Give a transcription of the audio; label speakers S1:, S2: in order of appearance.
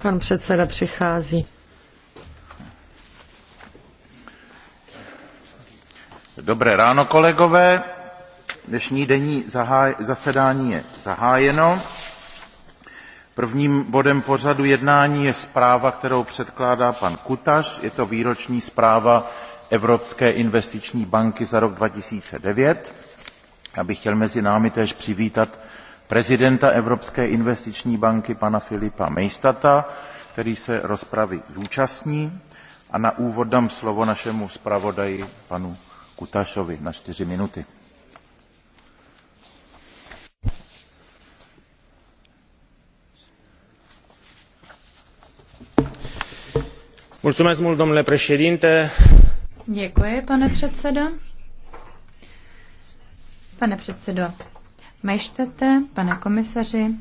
S1: Pan předseda přichází.
S2: Dobré ráno, kolegové. Dnešní denní zasedání je zahájeno. Prvním bodem pořadu jednání je zpráva, kterou předkládá pan Kutaš. Je to výroční zpráva Evropské investiční banky za rok 2009. Já bych chtěl mezi námi též přivítat prezidenta Evropské investiční banky pana Filipa Mejstata, který se rozpravy zúčastní. A na úvod dám slovo našemu zpravodaji panu Kutašovi na čtyři minuty.
S3: Děkuji, pane předsedo. Pane předsedo, Mejštete, pane komisaři,